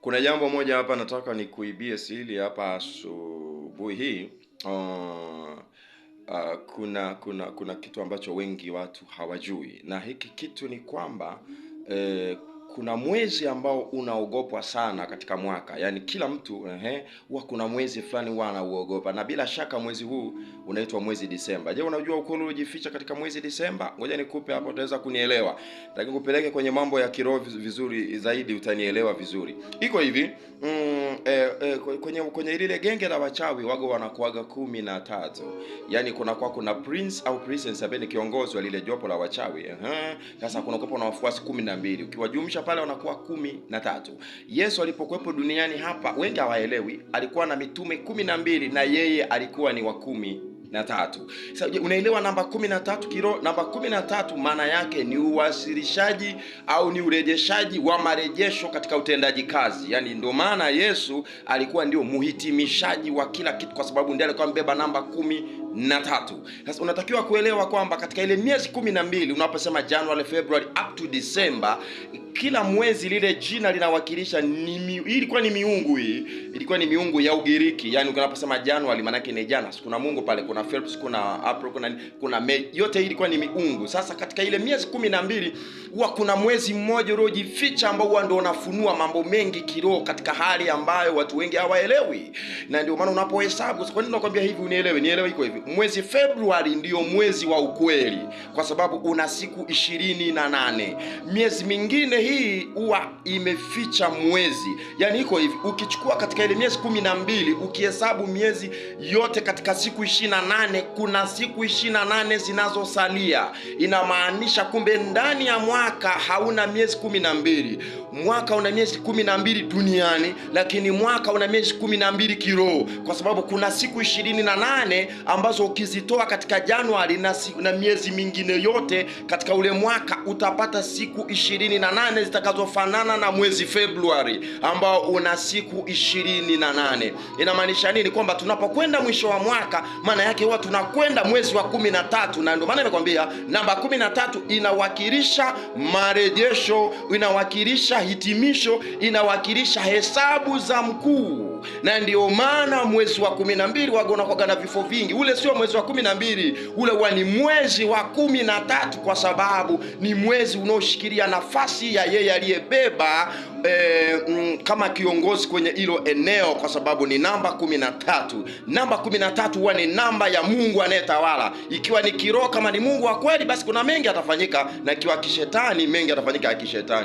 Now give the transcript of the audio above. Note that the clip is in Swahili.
Kuna jambo moja hapa nataka kuibia sili hapa asubuhi hii. Uh, uh, kuna kuna kuna kitu ambacho wengi watu hawajui, na hiki kitu ni kwamba eh, kuna mwezi ambao unaogopwa sana katika mwaka, yaani kila mtu ehe, huwa kuna mwezi fulani huwa anauogopa, na bila shaka mwezi huu unaitwa mwezi Disemba. Je, unajua ukweli uliojificha katika mwezi Disemba? Ngoja nikupe hapo, utaweza kunielewa. Nataka kupeleke kwenye mambo ya kiroho vizuri zaidi, utanielewa vizuri. Iko hivi mm, eh, eh, kwenye kwenye lile genge la wachawi wago wanakuaga kumi na tatu, kuna kwa kuna prince au princess ambaye ni kiongozi wa lile jopo la wachawi. Sasa kuna kunakuwa na wafuasi kumi na mbili, ukiwajumsha pale wanakuwa kumi na tatu. Yesu alipokuwepo duniani hapa, wengi hawaelewi, alikuwa na mitume kumi na mbili na yeye alikuwa ni wa kumi na tatu. Sasa unaelewa namba kumi na tatu kiro, namba kumi na tatu maana yake ni uwasilishaji au ni urejeshaji wa marejesho katika utendaji kazi, yaani ndio maana Yesu alikuwa ndio muhitimishaji wa kila kitu, kwa sababu ndiye alikuwa mbeba namba kumi na tatu. Sasa unatakiwa kuelewa kwamba katika ile miezi kumi na mbili unaposema January, February up to December, kila mwezi lile jina linawakilisha ni hii ilikuwa ni miungu hii ilikuwa ni miungu ya Ugiriki. Yani unaposema January maana yake ni jana kuna mungu pale, kuna Phelps, kuna April, kuna kuna May, yote hii ilikuwa ni miungu. Sasa katika ile miezi kumi na mbili huwa kuna mwezi mmoja uliojificha ambao huwa ndio unafunua mambo mengi kiroho katika hali ambayo watu wengi hawaelewi, na ndio maana unapohesabu. Kwa nini nakwambia hivi unielewe? Nielewe iko hivi Mwezi Februari ndiyo mwezi wa ukweli, kwa sababu una siku ishirini na nane. Miezi mingine hii huwa imeficha mwezi, yaani iko hivi, ukichukua katika ile miezi kumi na mbili ukihesabu miezi yote katika siku ishirini na nane kuna siku ishirini na nane zinazosalia. Inamaanisha kumbe ndani ya mwaka hauna miezi kumi na mbili. Mwaka una miezi kumi na mbili duniani, lakini mwaka una miezi kumi na mbili kiroho, kwa sababu kuna siku ishirini na nane ambazo ambazo ukizitoa katika Januari na, na miezi mingine yote katika ule mwaka utapata siku ishirini na nane zitakazofanana na mwezi Februari ambao una siku ishirini na nane. Inamaanisha nini? Kwamba tunapokwenda mwisho wa mwaka, maana yake huwa tunakwenda mwezi wa kumi na tatu, ndio maana nimekwambia namba kumi na tatu inawakilisha marejesho, inawakilisha hitimisho, inawakilisha hesabu za mkuu, na ndio maana mwezi wa 12 na mbili na vifo vingi ule sio mwezi wa kumi na mbili, ule huwa ni mwezi wa kumi na tatu, kwa sababu ni mwezi unaoshikilia nafasi ya yeye aliyebeba E, mm, kama kiongozi kwenye hilo eneo kwa sababu ni namba kumi na tatu. Namba kumi na tatu huwa ni namba ya Mungu anayetawala. Ikiwa ni kiroho, kama ni Mungu wa kweli, basi kuna mengi atafanyika, na ikiwa kishetani, mengi atafanyika ya kishetani.